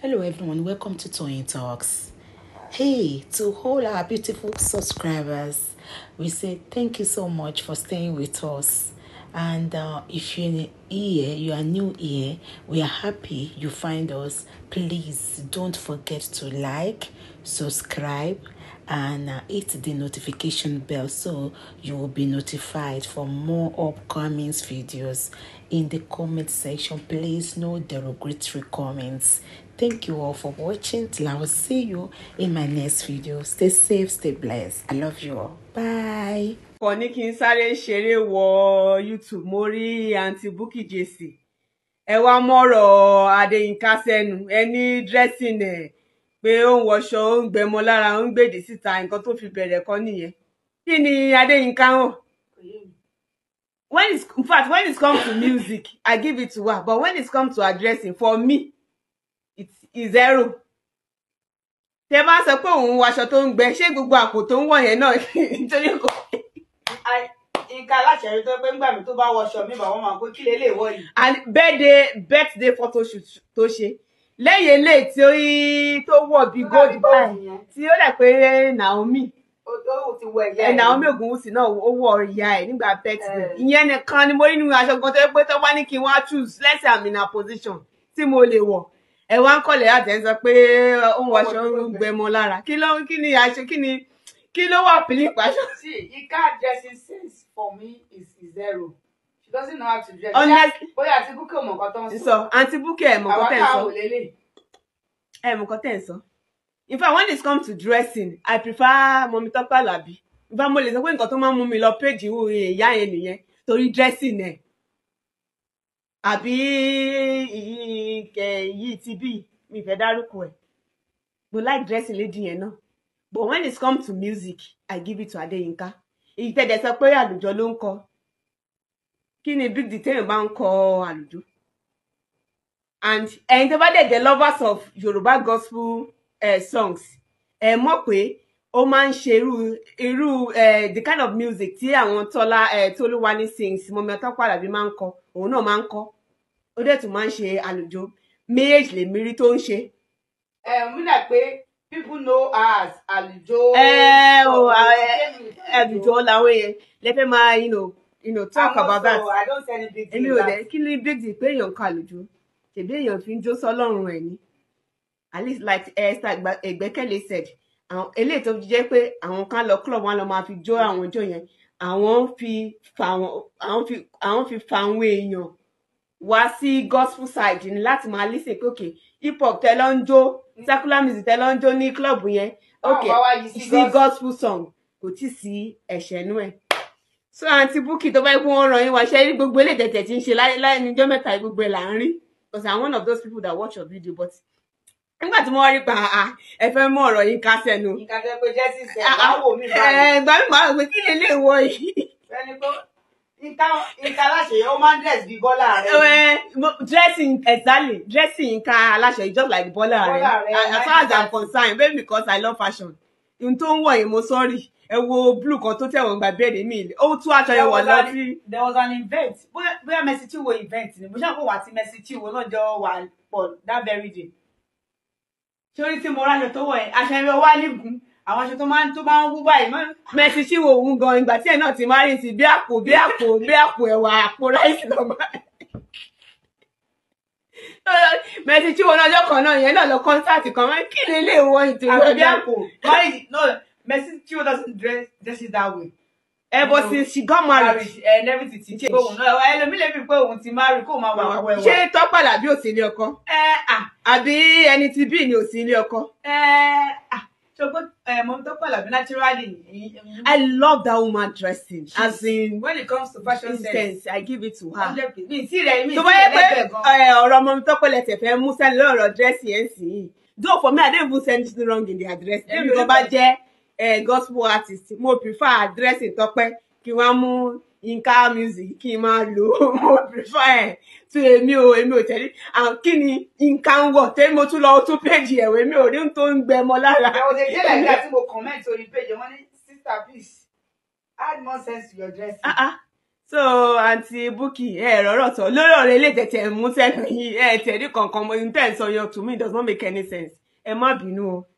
Hello everyone, welcome to Toyeen Talks. Hey, to all our beautiful subscribers, we say thank you so much for staying with us. And uh, if you're here, you are new here, we are happy you find us. Please don't forget to like, subscribe, and uh, hit the notification bell so you will be notified for more upcoming videos. In the comment section, please no derogatory comments. Thank you all for watching. Till I will see you in my next video. Stay safe, stay blessed. I love you all. Bye. Kò ní kí n sáré ṣeré wọ YouTube mo rí àǹtí Bukky Jesse. Ẹ wá mọ́rọ̀ Adéyínká sẹ́nu. Ẹ ní dressing ẹ̀ pé ó ń wọṣọ, ó ń gbẹmọ lára, ó ń gbèdì síta. Nǹkan tó fi bẹ̀rẹ̀ kọ́ nìyẹn. Kí ni Adéyínká hàn? When it's, in fact, when it comes to music, I give it to her. But when it comes to addressing, for me, is zero tẹ bá sọ pé òun waṣọ tó ń gbẹ ṣé gbogbo àpò tó ń wọ̀ yẹn náà nítorí kò nǹkan aláṣẹrí tó pé ńgbà mi tó bá wọṣọ mi bàbá máa pé kí lè lè wọ yìí. and birthday birthday photoshoot tó ṣe lẹ́yìn ilé tí ó yí tó wọ̀ bí gold band tí ó dà pé Naomi eh, Naomi Ogunwusi náà ó wọ̀ ìyá ẹ̀ nígbà birthday eh. ìyẹn nìkan ni mo rí nínú aṣọ kan tó pé tó bá ní kí n wá choose let's say I'm in a position tí mo lè wọ̀ ẹ wá ń kọ̀lẹ̀ àtẹ̀ pé ó ń wọṣọ ń gbẹmọ lára kí ló kí ni àṣẹ kí ni kí ló wà pìlì pàṣọ. see Yinka dressing sense for me is zero she doesn't know how to dress. honestly bóyá àti búkẹ́ ò mọ̀ nǹkan tó ń sọ. sọ àti búkẹ́ ẹ̀ ń sọ. àwọn káwọ̀ lélẹ̀. ẹ̀ mọ̀ ń sọ. in fact when it comes to dressing i prefer mọ̀mí tọ́pẹ́ àlàbí in fact mo lè sọ pé nǹkan tó máa ń mú mi lọ péjì ìyá yẹn nìyẹn torí dressing ẹ̀ àbí yìí ti bí mi fẹ́ dárúkọ ẹ̀ mo like dressing lady yẹn náà but when it come to music I give it to Adeyinka ìtẹ̀dẹ̀ sọ pé àlùjọ ló ń kọ kí ni big detail bá ń kọ àlùjọ and ẹ̀yin tó bá dẹ̀ jẹ́ lovers of Yorùbá gospel uh, songs ẹ mọ̀ pé ó máa ń ṣe irú irú eh, the kind of music tí àwọn tọ́lá eh, tólúwaní sings mọ́mí ọtọ́pọ̀ àlàbí máa ń kọ òun náà máa ń kọ ó dẹ̀ tún máa ń ṣe àlùjọ méjèèjì lèmi rí tó ń ṣe. ẹ mú dà pé people know her as àlùjọ. ẹ eh, o àlùjọ làwọn yẹn lè fẹ́ máa you know, you know, talk about that. èmi ò dẹ kí ni big deal pé èèyàn kan àlùjọ tèmi èèyàn fi ń jó sọ́lọ́run ẹ̀ ni at least like Esther Ẹgbẹ́kẹ̀lé said àwọn eléyìí tó jẹ́ pé àwọn kan lọ club wọn lọ máa fi jó àwọn ọjọ́ yẹn àwọn fi fa àwọn fi àwọn fi fa àwọn èèyàn wá sí gospel side ni láti máa lísè pé òkè hip hop tẹ lọ ń jó secular music tẹ lọ ń jó ní club yẹn òkè sí gospel song kò tí sí ẹ̀ṣẹ̀ nú ẹ̀ so àǹtí búkì tó bá yẹ kó wọn ràn yín wá ṣe gbogbo eléyìí tẹ̀tẹ̀ tí ń ṣe láyé láyé níjọ́ mẹ́ta gbogbo ẹ̀ là ń rí because i'm one of those people that watch your video but nígbà tí mo wá rí pa ẹ fẹ́ mú ọ̀rọ̀ yín ká sẹ́nu. ìgbà tó pé jẹ́sí sẹ́ ìgbàwò mi bá mi. ìgbà mi máa ń pè kí lè lè wọ yìí. ẹni aláṣẹ yẹn ó máa ń dress bí bọ́lá rẹ. dressing exactly dressing nǹkan aláṣẹ yìí just like bọ́lá rẹ as far as i'm concerned baby because i love fashion. n tó ń wọ̀ yìí mo sọ́ọ̀rì ẹ wo blue kan tó tẹ̀wọ̀n gba bẹ́ẹ̀ni mi ó tú aṣọ yẹn wọ̀ lọ́tí. there was an event bóyá Mercy Chinwo event ni mo ṣàkóso wà tí Mercy Chinwo náà jọ wà pọ̀ that very day torí tí mo ráṣọ tó wọ ẹ aṣọ ẹ̀rọ wá nígun àwọn aṣọ tó máa ń tó máa ń wú báyìí mọ́ mẹ́sì sí wo òun gan ìgbà tí ẹ̀ náà ti máa rí ti bí àpò bí àpò bí àpò ẹ̀wà àpò ráìsì lọ́gbà mẹ́sì tí wo náà ọjọ́ kan náà ìyẹn náà lọ kọ́ńsáàtì kan máa ń kí lè lè wọ ìtòwé bí àpò mẹ́sì tí wo doesn't dress dress it that way ever since she got married. Eh, and everything ti change. òun náà ẹlòmíì lè fi pé òun ti marry kó máa wà wẹ́wẹ́ ṣé tọ́pà làbí ò ilé ọkọ. Eh, àbí ẹni tí bí ni ò ilé ọkọ. ẹ eh, à ṣogbó mọ̀mí naturally. I love that woman dressing as in. when it comes to fashion sense, I give it to her. mi ti rẹ mi ti rẹ lẹgbẹ gan. ọ̀rọ̀ mọ̀mí tọ́pà lẹsẹ̀ fẹ́ mú sẹ́ni lọ́rọ̀ dressing ẹ̀ sìn though for me I don't even send anything wrong in the address. èmi kò jẹ́ eh, gospel artist mo prefer addressing Tọ́pẹ́ kí wọ́n mú Yinka music kí n máa lò ó mo prefer ẹ̀ tún èmi ò èmi ò tẹ̀lé àwọn kí ni Yinka ń wọ̀ tẹ́lẹ̀ mo tún lọ tún péjì ẹ̀wẹ̀ mi ò rí tó ń gbẹmọ lára. ẹ ò jẹ́ lẹ́yìn tí mo comment orí péjì wọn ní sister please add more sense to your dressing. Uh -uh so àǹtí búkì ẹ rọrọ tọ lórí ọ̀rọ̀ ilé tẹtẹ mú tẹnu yìí ẹ tẹrí kankan mo ń so sọ to me does not make any sense ẹ má bínú o